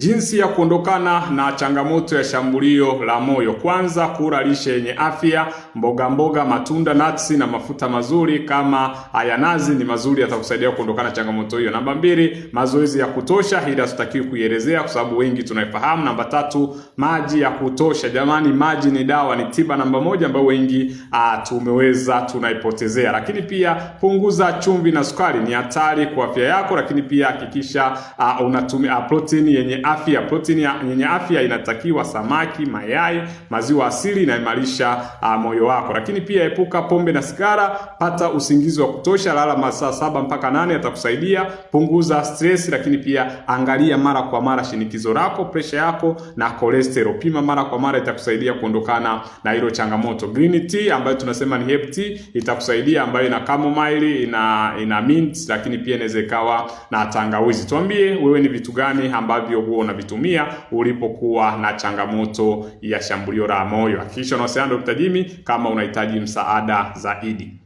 Jinsi ya kuondokana na changamoto ya shambulio la moyo: kwanza, kula lishe yenye afya, mboga mboga, matunda, nuts na mafuta mazuri kama yanazi ni mazuri, yatakusaidia kuondokana changamoto hiyo. Namba mbili, mazoezi ya kutosha, hili hatutakiwi kuielezea kwa sababu wengi tunaifahamu. Namba tatu, maji ya kutosha. Jamani, maji ni dawa, ni tiba namba moja ambayo wengi uh, tumeweza tunaipotezea. Lakini pia punguza chumvi na sukari, ni hatari kwa afya yako. Lakini pia hakikisha ah, unatumia ah, protini yenye afya. Protini yenye afya inatakiwa samaki, mayai, maziwa asili, inaimarisha uh, moyo wako. Lakini pia epuka pombe na sigara, pata usingizi wa kutosha, lala masaa saba mpaka nane atakusaidia. Punguza stress, lakini pia angalia mara kwa mara shinikizo lako, presha yako na cholesterol. Pima mara kwa mara, itakusaidia kuondokana na hilo changamoto. Green tea ambayo tunasema ni herb tea itakusaidia, ambayo ina chamomile, ina ina mint, lakini pia inaweza ikawa na tangawizi. Tuambie wewe ni vitu gani ambavyo huo unavitumia ulipokuwa na changamoto ya shambulio la moyo. Hakikisha unawasiliana na Dr. Jimmy kama unahitaji msaada zaidi.